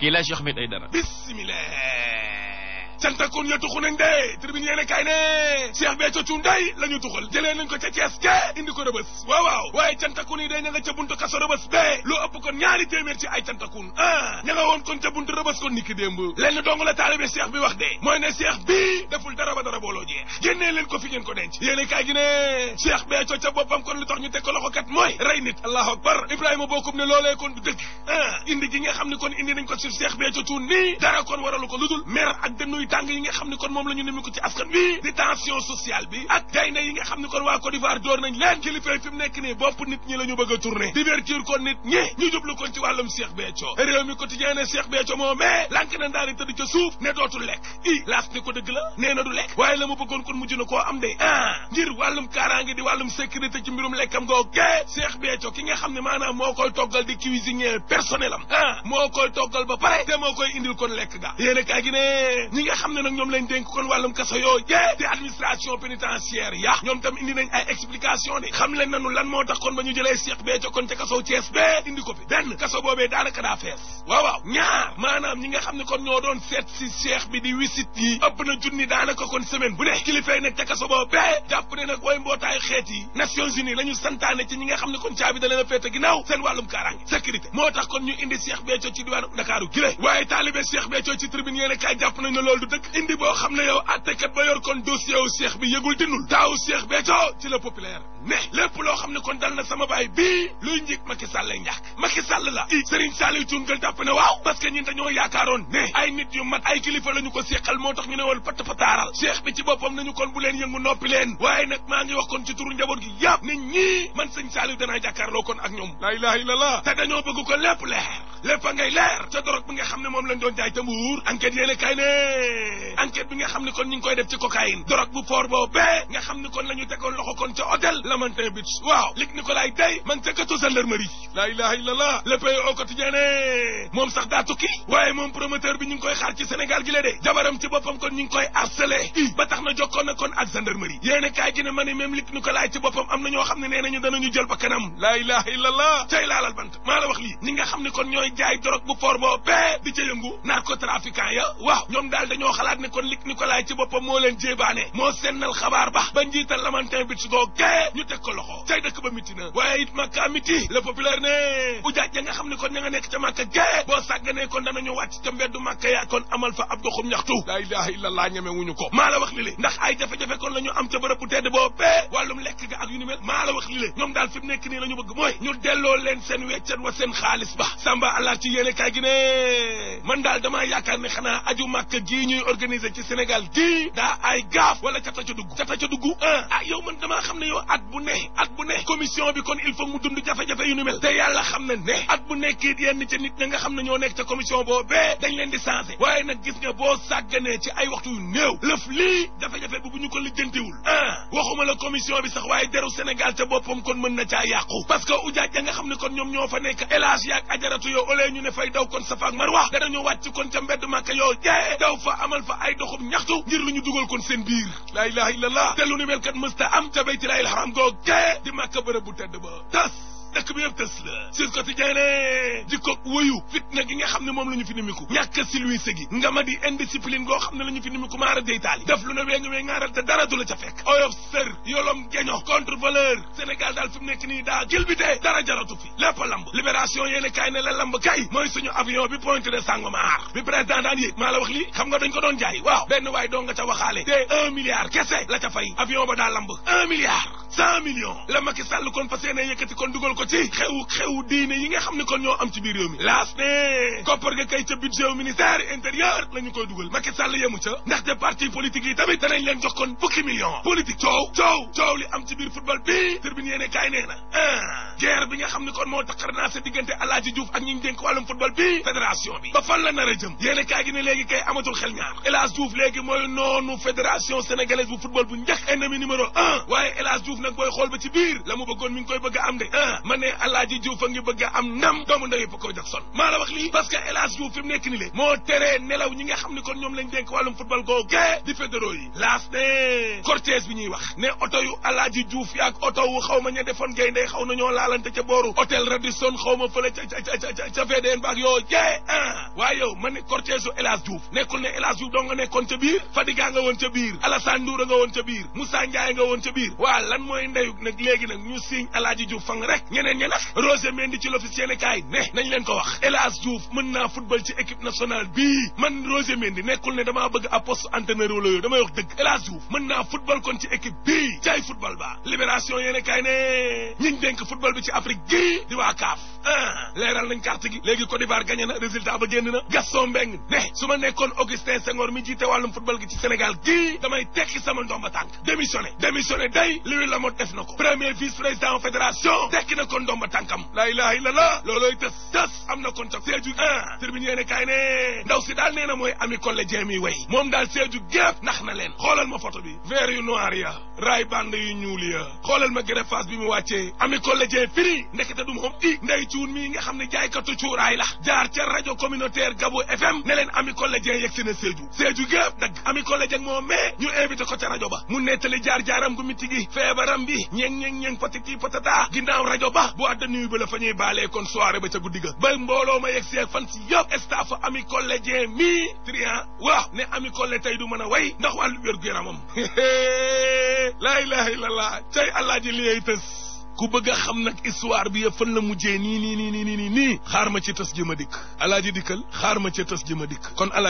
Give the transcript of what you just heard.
kii laa Cheikh Ahmed Aidara bismillah cantakoon ya tuxu nañ de tribune yéene kaay ne Cheikh day la ñu tuxal jëlee nañ ko ca Thiès ke indi ko rëbës waaw waaw waaye cantakoon yi day ña nga ca buntu kaso rëbës bee loo ëpp kon ñaari téeméer ci ay cantakoon ah ña nga woon kon ca buntu rëbës kon niki démb lenn dong la taalibe Cheikh bi wax de mooy ne Cheikh bi deful dara ba dara jee génnee leen ko fi ngeen ko denc yéene kaay gi ne Cheikh Béthio ca boppam kon lu tax ñu teg ko loxo kat mooy rey nit allahu akbar Ibrahima bokkum ne loolee kon du ah, nga xam ne kon indi nañ ko ci Cheikh Béthio Thioune nii dara ko ludul mer ak tàng yi nga xam ni kon moom la ñu nemi ko ci askan wi di tension sociale bi ak gay na yi nga xam ni kon waa Côte d'Ivoire door nañ leen kilifa yi fi mu nekk nii bopp nit ñi la ñu bëgg a tourné divertir kon nit ñi ñu jublu kon ci wàllum Cheikh Béthio réew mi quotidien ne Cheikh Béthio moo mais lànk na ndaari tëdd ca suuf ne dootul lekk i laas ko dëgg la nee na du lekk waaye la mu bëggoon kon mujj na koo am de ah ngir wàllum kaaraange di wàllum sécurité ci mbirum lekkam googe Cheikh ki nga xam ne maanaam moo koy toggal di cuisinier personnel am ah moo koy toggal ba pare moo koy indil kon lekk ga yéen a xam ne nag ñoom lañ dénk kon wàllum kaso yoo jee di administration pénitentiaire ya ñoom tam indi nañ ay explication de xam leen nanu lan moo tax kon ba ñu jëlee Cheikh bee jokkoon ca kaso Thiès bee indi ko nga xam ne kon ñoo doon seet si Cheikh bi di wisit yi ëpp na junni daanaka jàpp ne nag way mbootaayu xeet yi Nations Unies la ñu ci ñi nga xam ne kon caabi da leen a féete ginnaaw seen wàllum kaaraange sécurité moo tax kon ñu indi Cheikh Béthio ci diwaanu Ndakaaru gile waaye taalibe Cheikh Béthio ci tribune yéene kaay jàpp nañ loolu dëkk indi boo xam ne yow attekat ba yor kon dossier wu seex bi yëgul dinul daaw seex beeco ci la populaire ne lépp loo xam ne kon dal na sama baay bii luy njig Macky Sall lay njàkk ki Sall la i Serigne Saliou Thioune gël jàpp ne waaw parce que ñun dañoo yaakaaroon ne ay nit yu mat ay kilifa la ñu ko seqal moo tax ñu ne woon pat pataaral seex bi ci boppam nañu kon bu leen yëngu noppi leen waaye nag maa ngi wax koon ci turu njaboot gi yàpp nit ñii man sëñ Saliou danaa jàkkaarloo ak ñoom laa ilaha illallah te dañoo bëgg ko lépp leer lépp a ngay leer ca dorog bi nga xam ne moom lañ doon jaay ta mbuur enquête yéen ne enquête bi nga xam ne kon ñu ngi koy def ci cocaïne dorog bu foor boo nga xam ne kon la ñu tegoon loxo kon ca hôtel Lamantin Beach waaw lig ni ko laay day man ca katu gendarmerie laa ilaha illa allah le pays au quotidien ne moom sax daa tukki waaye moom promoteur bi ñu ngi koy xaar ci Sénégal gi la de jabaram ci boppam kon ñu ngi koy harcelé ba tax na jokkoon na kon ak gendarmerie yéen a na ñoo xam ne nee nañu danañu jël ba kanam laa ilaha illa allah tey laalal bant maa wax lii ñi nga xam ne kon mooy jaay drogue bu for boo bee di ca yëngu narcotrafiquant ya waaw ñoom daal dañoo xalaat ne kon lig ci boppam moo leen jéebaane moo sennal xabaar ba ba njiital Lamantin bi sugoo gee ñu teg ko loxo tey dëkk ba miti na waaye it makka miti le populaire ne bu jaaj nga xam ne kon ña nga nekk ca màkka gee boo sàgganee kon danañu wàcc ca mbeddu màkka yaa kon amal fa ab doxum ñaxtu laa ilaha illallah ñeme wuñu ko maa la wax li le ndax ay jafe-jafe kon la ñu ñoom daal fi mu nekk nii la ñu bëgg mooy ñu delloo leen ba samba alerte yéene kaay gi ne man daal damaa yaakaar ne xanaa aju màkk gii ñuy organiser ci Sénégal gii daa ay gaaf wala cata ca dugg cata dugg ah ah yow man damaa xam ne yow at bu ne at bu ne commission bi kon il faut mu dund jafe nu mel te yàlla na ne bu nekkit yenn ca nit ña nga xam ne ñoo nekk ca commission boobee dañ leen di changé waaye nag gis nga boo sàgganee ci ay waxtu yu néew lëf li jafe-jafe bu bu ñu ko lijjantiwul ah waxuma la commission bi sax waaye deru Sénégal ca boppam kon mën na ca yàqu parce que ujaaj ya nga xam ne kon ñoom ñoo fa nekk élage yaak ajaratu yow loolee ñu ne fay daw kon safaak marwa danañu wàcc kon ca mbedd màkka yoo jee daw fa amal fa ay doxub ñaxtu ngir lu ñu dugal kon seen biir laa ilaha illallah te lu ni mel kat mësta am ca baytilaahil haram goog jee di màkka bërëb bu tedd ba tas dëkk bi yëpp tës la Sud Quotidien ne jikko wëyu fitna gi nga xam ne moom la ñu fi nimiku ñàkk si luy sëgi nga ma di indiscipline goo xam ne la ñu fi nimiku maara day taali def lu ne wee nga wee ngaaral te dara du la ca fekk oyof sër yolom geño contre valeur Sénégal daal fi mu nekk nii daa gil bi tee dara jaratu fi lépp lamb libération yéene kaay ne la lamb kay mooy suñu avion bi pointe de Sangomar bi président daan yéeg maa la wax lii xam nga dañ ko doon jaay waaw benn waay doo nga ca waxaale te un milliard kese la daa lamb un milliard cent millions la Macky Sall kon fas yéene yëkkati kon dugal ko ci xew xew diine yi nga xam ne kon ñoo am biir réew mi laas ne koppar ga kay ca budget wu ministère intérieur la yi tamit danañ leen jox kon fukki millions xam ne moo taqar naa sa diggante Alaaji a jëm yéene kaay gi ne léegi kay amatul xel ñaar mooy noonu fédération sénégalaise bu football bu njëkk ennemi numéro un waaye El Hadj nag booy xool ba ci biir la mu bëggoon mi koy bëgg a am ah, ma ne alaaji Diouf a ngi bëgg a am nam doomu nday ba ko maa la wax lii parce que El Hadj Diouf fi mu nga xam ne kon ñoom lañ dénk wàllum football googee di fédéraux yi ñuy wax ne oto yu alaaji Diouf yaak oto wu xaw ma ña defoon gay ndey xaw na ñoo laalante ca booru hôtel Radisson xaw ma fële ca ca ca ca VDN baak yoo jee ah waaye yow ma ne cortège su El Hadj Diouf nekkul ne El Hadj Diouf doo nga nekkoon ca biir Fadiga nga woon ca biir Alassane Ndour nga woon ca biir Moussa Ndiaye nga woon ca biir waa lan mooy ndeyuk nag léegi nag ñu signe Alaaji Diouf fang rek ñeneen ñe nag Roger Mendy ci l'office yéene kaay ne nañ leen ko wax El Hadj Diouf mën naa football ci équipe nationale bii man Roger Mendy nekkul ne damaa bëgg a poste entraîneur wala yooyu damay wax dëgg El Hadj mën naa football kon ci équipe bii jaay football ba libération yéene kaay ne ñiñ dénk football bi ci Afrique gii di waa CAF ah leeral nañ carte gi léegi Côte d'Ivoire gagné na résultat ba génn na Gaston Mbengue ne ma nekkoon Augustin moo def na ko premier vice président fédération tekki na kon ndomba tànkam laa ilaha illa la loolooy tës tës am na kon cog Sédhiou ah tribune kaay ne ndaw si daal nee mooy ami collégien mi way moom daal Sédhiou gépp nax na leen xoolal ma photo bi vert yu noir ya raay band yu ñuul ya xoolal ma greffage bi mu wàccee ami collégien firi ndekete du moom i nday cuun mii nga xam ne jaaykatu cuuraay la jaar ca rajo communautaire Gabo FM ne leen ami collégien yegg ko rajo ba mu nettali jaar jaaram gu miti yaram bi ñeeng ñeeng ñeeng patiti patata ginnaaw rajo ba bu adda nuyu ba la fa ñuy baalee kon soirée ba ca ma yegg si fan si yëpp staff ami collégien mi trian waaw ne ami collé tey du mën a way ndax wàllu wér gu yaramam laa ilaha illallah cay allah ji liyey tës ku bëgg a xam nag histoire bi yëpp fan la mujjee nii ni nii nii nii nii xaar ma ci tës ji ma dikk alaaji dikkal xaar ma ci tës ji ma dikk